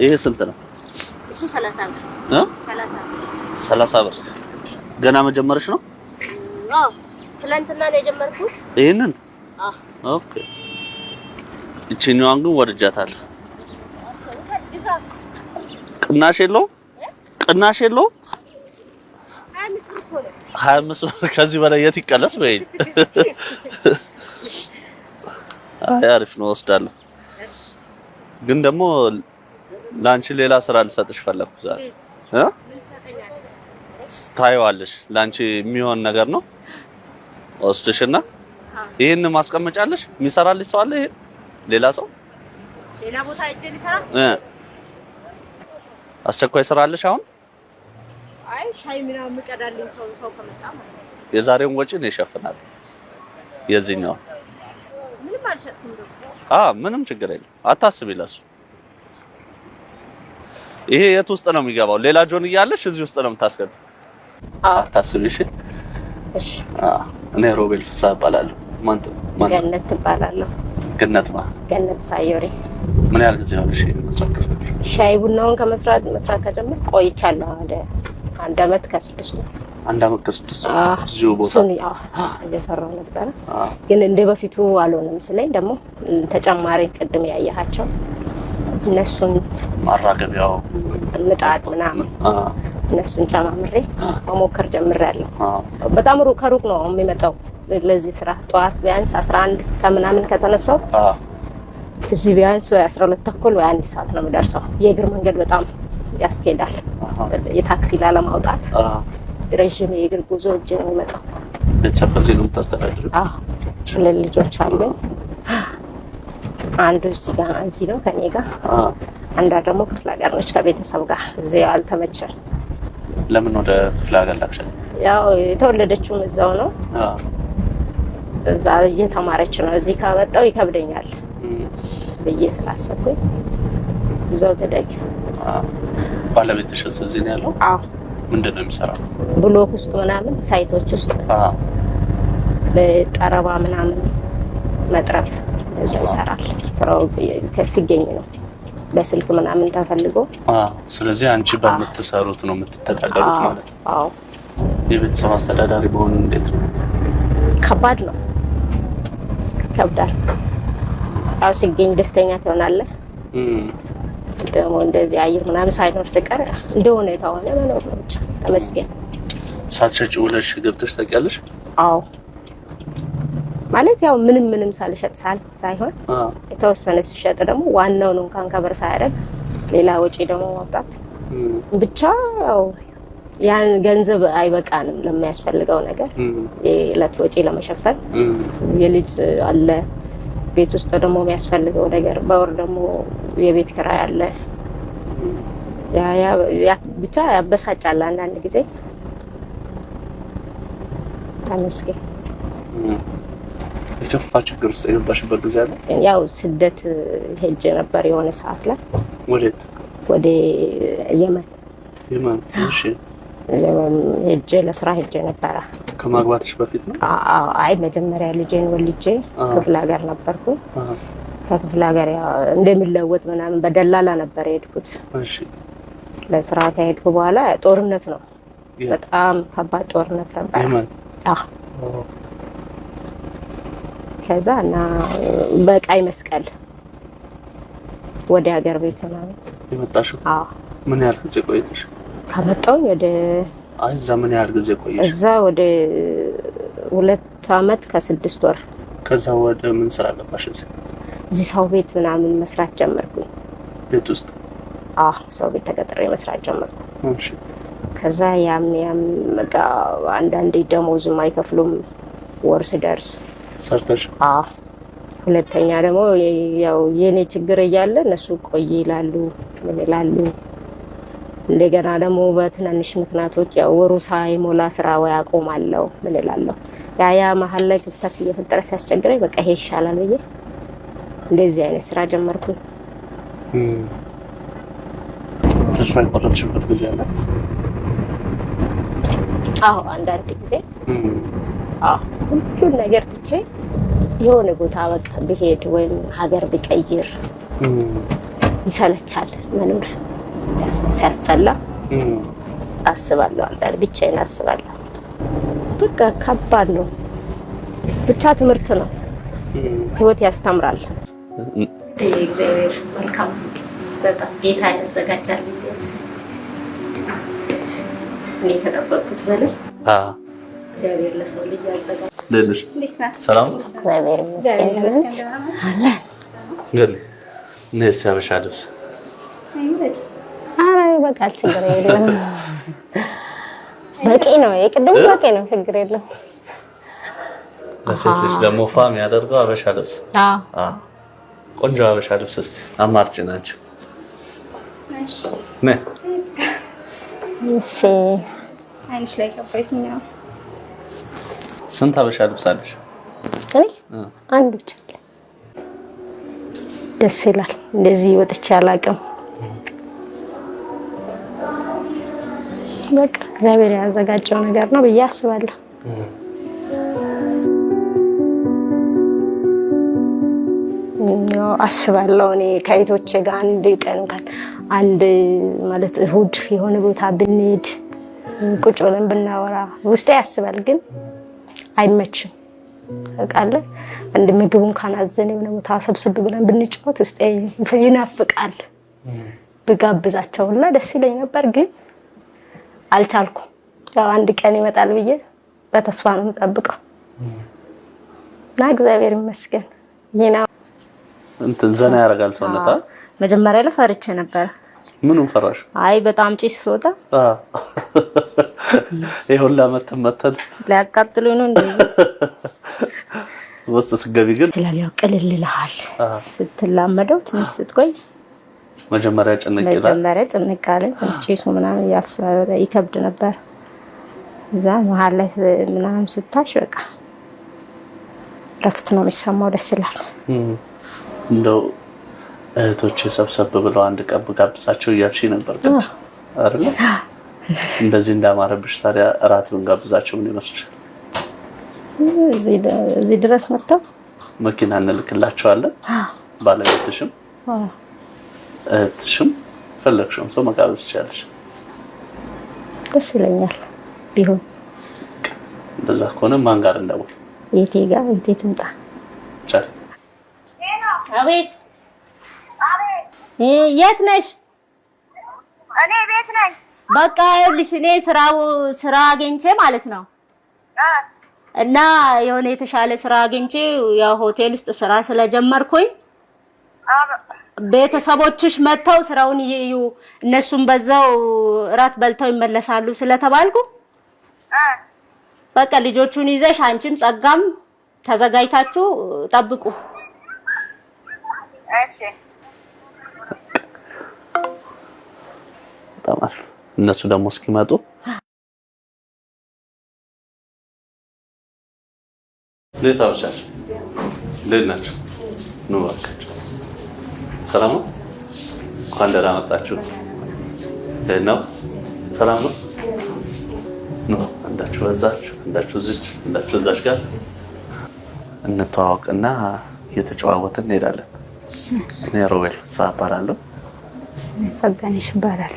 ይሄ ስንት ነው? እሱ 30 ብር እ 30 ብር ገና መጀመርሽ ነው? አዎ ትናንትና ነው የጀመርኩት። ይሄንን ኦኬ። ግን ወድጃታለሁ። ቅናሽ የለው ቅናሽ የለው። ሀያ አምስት ብር ከዚህ በላይ የት ይቀለስ? በይ አይ አሪፍ ነው ወስዳለሁ። ግን ደግሞ ላንቺ ሌላ ስራ ልሰጥሽ ፈለግኩ ዛሬ እ ታይዋለሽ ላንቺ የሚሆን ነገር ነው። ወስድሽና ይሄን ማስቀመጫለሽ። የሚሰራልሽ ሰው አለ። ይሄ ሌላ ሰው ሌላ ቦታ እጄ ሊሰራ እ አስቸኳይ ስራ አለሽ አሁን? አይ ሻይ ምናምን የምቀዳልኝ ሰው ሰው ከመጣ ማለት የዛሬውን ወጪ ነው ይሸፍናል። የዚህኛው ምንም አልሸጥኩም። አዎ ምንም ችግር የለም። አታስቢ ለሱ ይሄ የት ውስጥ ነው የሚገባው? ሌላ ጆን እያለሽ እዚህ ውስጥ ነው የምታስገዱ። አታስቢ እሺ። እሺ። እኔ ሮቤል ፍስሀ እባላለሁ። ማን ማን? ገነት እባላለሁ። ገነት ማ? ገነት ሳዮሪ። ምን ያህል ጊዜ ሆነሽ መስራት? ሻይ ቡናውን ከመስራት መስራት ከጀመር ቆይቻለሁ። ወደ አንድ አመት ከስድስት ነው። አንድ አመት ከስድስት ነው። እዚሁ ቦታ እየሰራሁ ነበረ፣ ግን እንደ በፊቱ አልሆነም። ስለኝ ደግሞ ተጨማሪ ቅድም ያየሃቸው እነሱን ማራገቢያው ምጣድ ምናምን እነሱን ጨማምሬ መሞከር ጀምሬያለሁ። በጣም ከሩቅ ነው የሚመጣው ለዚህ ስራ። ጠዋት ቢያንስ 11 ከምናምን ከተነሳው እዚህ ቢያንስ ወይ 12 ተኩል ወይ አንድ ሰዓት ነው የሚደርሰው። የእግር መንገድ በጣም ያስኬዳል። የታክሲ ላለማውጣት ረዥም የእግር ጉዞ እጅ ነው የሚመጣው። ቤተሰብ ከዚህ ነው የምታስተዳድረው? ልጆች አሉኝ። አንዱ እዚህ ጋር እዚህ ነው ከኔ ጋር፣ አንዷ ደግሞ ክፍለ ሀገር ነች ከቤተሰብ ጋር እዚያው አልተመቸ። ለምን ወደ ክፍለ ሀገር ላክሻል? ያው የተወለደችውም እዛው ነው፣ እዛ እየተማረች ነው። እዚህ ካመጣው ይከብደኛል ብዬ ስላሰብኩኝ እዛው ትደግ። ባለቤትሽስ እዚህ ነው ያለው? አዎ። ምንድን ነው የሚሰራው? ብሎክ ውስጥ ምናምን ሳይቶች ውስጥ በጠረባ ምናምን መጥረብ እዛ ይሰራል። ስራው ሲገኝ ነው በስልክ ምናምን ተፈልጎ። ስለዚህ አንቺ በምትሰሩት ነው የምትተዳደሩት ማለት ነው? የቤተሰብ አስተዳዳሪ በሆን እንዴት ነው? ከባድ ነው፣ ይከብዳል። ያው ሲገኝ ደስተኛ ትሆናለህ። ደግሞ እንደዚህ አየር ምናምን ሳይኖር ስቀር እንደ ሁኔታው ሆነ መኖር ነው ብቻ። ተመስገን። ሳትሸጪ ውለሽ ገብተሽ ታውቂያለሽ? አዎ ማለት ያው ምንም ምንም ሳልሸጥ ሳል ሳይሆን የተወሰነ ሲሸጥ ደግሞ ዋናውን እንኳን ከበር ሳያደርግ ሌላ ወጪ ደግሞ ማውጣት ብቻ ያው ያን ገንዘብ አይበቃንም ለሚያስፈልገው ነገር የዕለት ወጪ ለመሸፈን የልጅ አለ ቤት ውስጥ ደግሞ የሚያስፈልገው ነገር በወር ደግሞ የቤት ኪራይ አለ። ብቻ ያበሳጫል አንዳንድ ጊዜ። ተመስገን የከፋ ችግር ውስጥ የገባሽበት ጊዜ አለ? ያው ስደት ሄጀ ነበር የሆነ ሰዓት ላይ። ወዴት? ወደ የመን። የመን? እሺ። ሄጄ ለስራ ሄጄ ነበረ። ከማግባትሽ በፊት ነው? አይ መጀመሪያ ልጄን ወልጄ ክፍለ ሀገር ነበርኩ። ከክፍለ ሀገር እንደሚለወጥ ምናምን በደላላ ነበር የሄድኩት። ለስራ ከሄድኩ በኋላ ጦርነት ነው፣ በጣም ከባድ ጦርነት ነበር። ከዛ እና በቀይ መስቀል ወደ ሀገር ቤት ምናምን የመጣሽው? አዎ። ምን ያህል ጊዜ ቆይተሽ? ከመጣሁኝ ወደ እዛ ምን ያህል ጊዜ ቆየሽ? እዛ ወደ ሁለት አመት ከስድስት ወር። ከዛ ወደ ምን ስራ ገባሽ? እዚህ ሰው ቤት ምናምን መስራት ጀመርኩኝ። ቤት ውስጥ? አዎ፣ ሰው ቤት ተቀጥሬ መስራት ጀመርኩ። ከዛ ያም ያም በቃ አንዳንዴ ደሞዝም አይከፍሉም ወር ስደርስ ሰርተሽ ሁለተኛ ደግሞ ያው የኔ ችግር እያለ እነሱ ቆይ ይላሉ፣ ምን ይላሉ። እንደገና ደግሞ በትናንሽ ምክንያቶች ያው ወሩ ሳይሞላ ስራ ወይ አቆማለሁ፣ ምን ይላለሁ። ያ ያ መሀል ላይ ክፍተት እየፈጠረ ሲያስቸግረኝ በቃ ይሄ ይሻላል ብዬ እንደዚህ አይነት ስራ ጀመርኩኝ። ተስፋ የቆረጥሽበት ጊዜ አለ? አዎ አንዳንድ ጊዜ ሁሉን ነገር ትቼ የሆነ ቦታ በቃ ብሄድ ወይም ሀገር ብቀይር ይሰለቻል መኖር ሲያስጠላ አስባለሁ። አንዳንድ ብቻዬን አስባለሁ። በቃ ከባድ ነው። ብቻ ትምህርት ነው፣ ህይወት ያስተምራል። እግዚአብሔር መልካም በጣም ጌታ ያዘጋጃል። እኔ ከጠበቅኩት በላይ እግዚአብሔር ለሰው ልጅ ያዘጋጅ። ሰላም ያበሻ ልብስ ኧረ ይበቃል፣ ችግር የለም በቂ ነው። የቅድሙ በቂ ነው፣ ችግር የለም። ለሴት ልጅ ደግሞ ፋ የሚያደርገው አበሻ ልብስ ቆንጆ አበሻ ልብስ እስኪ አማርጭ ናቸው። እሺ ላይ ስንት ሀበሻ ልብስ አለሽ? እኔ አንድ ብቻ አለ። ደስ ይላል። እንደዚህ ወጥቼ አላውቅም። በቃ እግዚአብሔር ያዘጋጀው ነገር ነው ብዬ አስባለሁ። አስባለሁ እኔ ከየቶች ጋር አንድ ቀን አንድ ማለት እሁድ የሆነ ቦታ ብንሄድ ቁጭ ብለን ብናወራ ውስጤ ያስባል ግን አይመችም ቃለ እንደ ምግቡን ካናዘን የሆነ ቦታ ሰብስብ ብለን ብንጫወት ውስጥ ይናፍቃል። ብጋብዛቸው ደስ ይለኝ ነበር ግን አልቻልኩም። ያው አንድ ቀን ይመጣል ብዬ በተስፋ ነው የምጠብቀው እና እግዚአብሔር ይመስገን ይና እንትን ዘና ያደርጋል ሰውነታ። መጀመሪያ ላይ ፈርቼ ነበር ምኑን ፈራሽ? አይ በጣም ጭስ ሶታ ይሁን ላመተን መተን ሊያቃጥሉ ነው እንዴ? ውስጥ ስገቢ ግን ይችላል። ያው ቅልል ይልሃል ስትላመደው፣ ትንሽ ስትቆይ መጀመሪያ ጭንቅ ይላል። መጀመሪያ ጭንቅ አለ። ጭሱ ምናምን ይከብድ ነበር። እዛ መሀል ላይ ምናምን ስታሽ በቃ ረፍት ነው የሚሰማው። ደስ ይላል እንደው እህቶች ሰብሰብ ብለው አንድ ቀብ ጋብዛቸው እያልሽ ነበር ቅድም አይደለ? እንደዚህ እንዳማረብሽ ታዲያ እራት ብንጋብዛቸው ምን ይመስልሻል? እዚህ ድረስ መጥተው መኪና እንልክላቸዋለን። ባለቤትሽም እህትሽም ፈለግሽውን ሰው መጋበዝ ትችላለሽ። ደስ ይለኛል ቢሆን። እንደዛ ከሆነ ማን ጋር እንደውል? የቴ ጋር የቴ ትምጣ። አቤት የት ነሽ? እኔ ቤት ነኝ። በቃ ይኸውልሽ እኔ ስራው ስራ አግኝቼ ማለት ነው እና የሆነ የተሻለ ስራ አግኝቼ ያው ሆቴል ውስጥ ስራ ስለጀመርኩኝ ቤተሰቦችሽ መጥተው ስራውን ይዩ፣ እነሱም በዛው እራት በልተው ይመለሳሉ ስለተባልኩ በቃ ልጆቹን ይዘሽ አንቺም ጸጋም ተዘጋጅታችሁ ጠብቁ። ይጠቀማል። እነሱ ደግሞ እስኪመጡ ሌታዎቻቸው ኑ እባካችሁ። ሰላም ነው። እንኳን ደህና መጣችሁ። ነው። ሰላም ነው። ኑ አንዳችሁ በዛች፣ አንዳችሁ እዚች፣ አንዳችሁ እዛች ጋር እንተዋወቅና እየተጨዋወትን እንሄዳለን። እኔ ሮቤል ፍስሐ እባላለሁ። ጸጋነሽ ይባላል።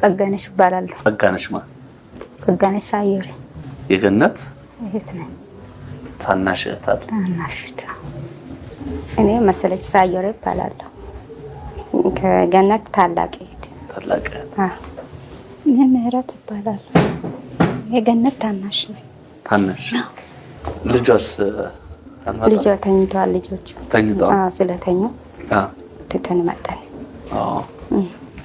ጸጋነሽ ይባላል። ጸጋነሽ ጸጋነሽ የገነት እህት ነኝ። ታናሽ እህት አለ። ታናሽ እኔ መሰለች ሳዩሪ ይባላለሁ። ከገነት ታላቅ እህት ታላቅ እህት። እኔ ምህረት የገነት ታናሽ ነኝ። ታናሽ ልጆቹ ተኝቷል። ስለተኙ ትተን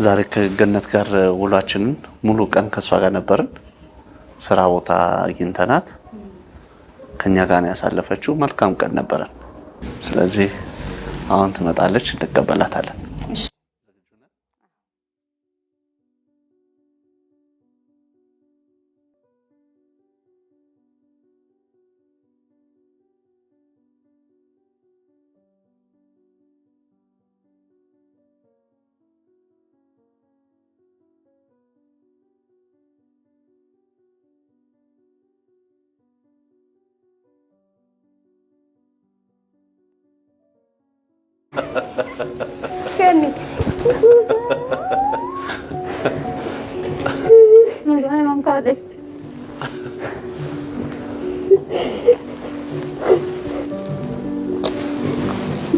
ዛሬ ከገነት ጋር ውሏችንን ሙሉ ቀን ከእሷ ጋር ነበርን። ስራ ቦታ አግኝተናት ከኛ ጋር ነው ያሳለፈችው። መልካም ቀን ነበረን። ስለዚህ አሁን ትመጣለች፣ እንቀበላታለን። かんな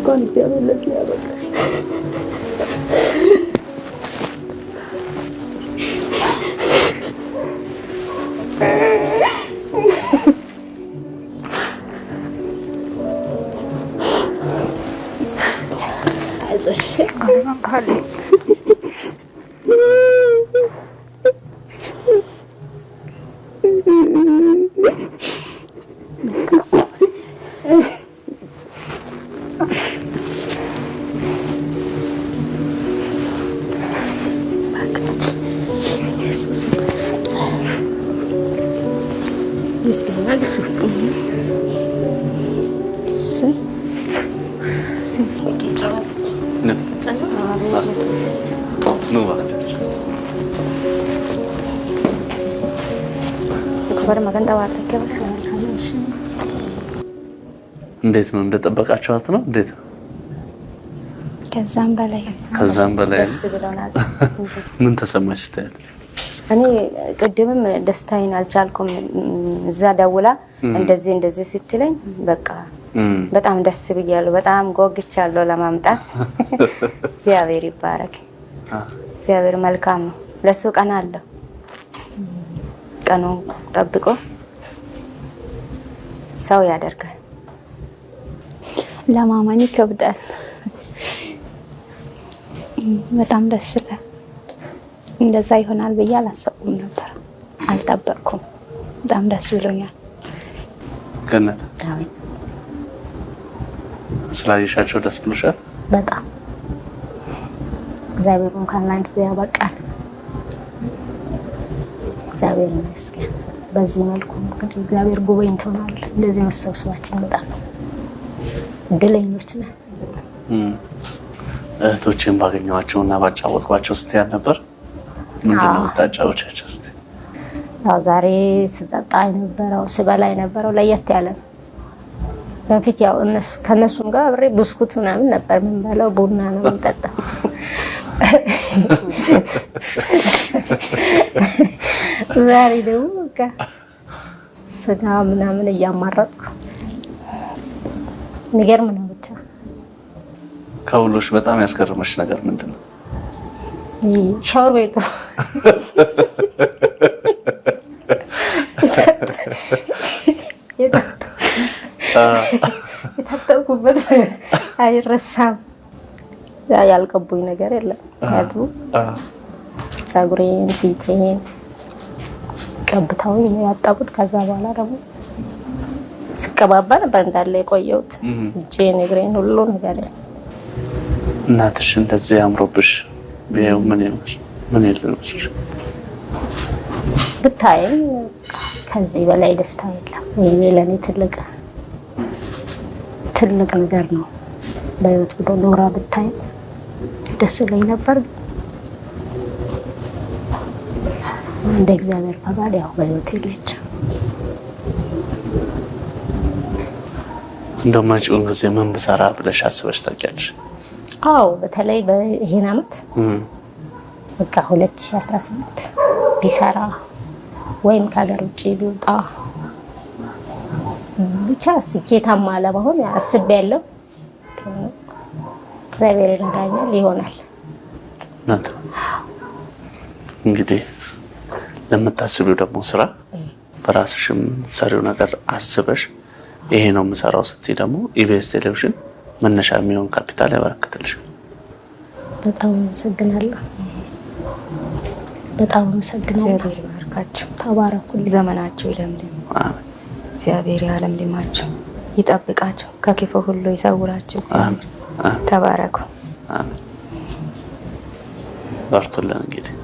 かんてやめなきとして。እንዴት ነው እንደጠበቃችኋት ነው? እንዴት ነው? ከዛም በላይ ከዛም በላይ ምን ተሰማሽ ስታያት? እኔ ቅድምም ደስታዬን አልቻልኩም። እዛ ደውላ እንደዚህ እንደዚህ ስትለኝ በቃ በጣም ደስ ብያለሁ። በጣም ጓጉቻለሁ ለማምጣት። እግዚአብሔር ይባረክ። እግዚአብሔር መልካም ነው። ለሱ ቀን አለው። ቀኑን ጠብቆ ሰው ያደርጋል። ለማመን ይከብዳል። በጣም ደስ ይላል። እንደዛ ይሆናል ብዬ አላሰብኩም ነበር፣ አልጠበቅኩም። በጣም ደስ ብሎኛል። ገነት ስላየሻቸው ደስ ብሎሻል? በጣም እግዚአብሔር እንኳን ለአንድ ያበቃል። እግዚአብሔር ይመስገን። በዚህ መልኩ እግዚአብሔር ጎበኝቶናል። እንደዚህ መሰብሰባችን በጣም እድለኞች ነን። እህቶችን ባገኘኋቸው እና ባጫወትኳቸው ስት ያል ነበር ምንድን ስ ያው ዛሬ ስጠጣ የነበረው ስበላ የነበረው ለየት ያለ ነው። በፊት ያው ከእነሱም ጋር አብሬ ብስኩት ምናምን ነበር ምንበለው ቡና ነው የምንጠጣው ዛሬ ደግሞ በቃ ስጋ ምናምን እያማረጥኩ የሚገርም ነው። ብቻ ከሁሎሽ በጣም ያስገርመሽ ነገር ምንድን ነው? ሻወር ቤቱ የታጠብኩበት አይረሳም። ያልቀቡኝ ነገር የለም። ሲያጥቡ ጸጉሬን፣ ፊቴን ቀብተውኝ ያጠቡት። ከዛ በኋላ ደግሞ ስቀባባ ነበር እንዳለ የቆየሁት እጄን፣ እግሬን፣ ሁሉ ነገር። እናትሽ እንደዚህ አምሮብሽ ቢያዩ ምን ይመስል ብታይም ከዚህ በላይ ደስታ የለም። ይሄ ለእኔ ትልቅ ትልቅ ነገር ነው። በህይወት ብሎ ኖራ ብታይ ደስ ይለኝ ነበር። እንደ እግዚአብሔር ፈቃድ ያው በህይወት የለች። እንደው መጪውን ጊዜ ምን ብሰራ ብለሽ አስበሽ ታውቂያለሽ? አዎ በተለይ በይሄን አመት በቃ 2018 ቢሰራ ወይም ከሀገር ውጭ ቢወጣ ብቻ ስኬታማ ለመሆን አስቤያለሁ። እግዚአብሔር ይረዳኛል፣ ይሆናል። እንግዲህ ለምታስቢው ደግሞ ስራ በራስሽም ሰሪው ነገር አስበሽ ይሄ ነው የምሰራው ስትይ ደግሞ ኢቢኤስ ቴሌቪዥን መነሻ የሚሆን ካፒታል ያበረክትልሻል። በጣም አመሰግናለሁ። በጣም አመሰግናለሁ። ተባረኩ፣ ዘመናችሁ ይለምልም፣ እግዚአብሔር ያለምልማችሁ፣ ይጠብቃቸው፣ ከክፉ ሁሉ ይሰውራችሁ። ተባረኩ። ባርቶለን እንግዲህ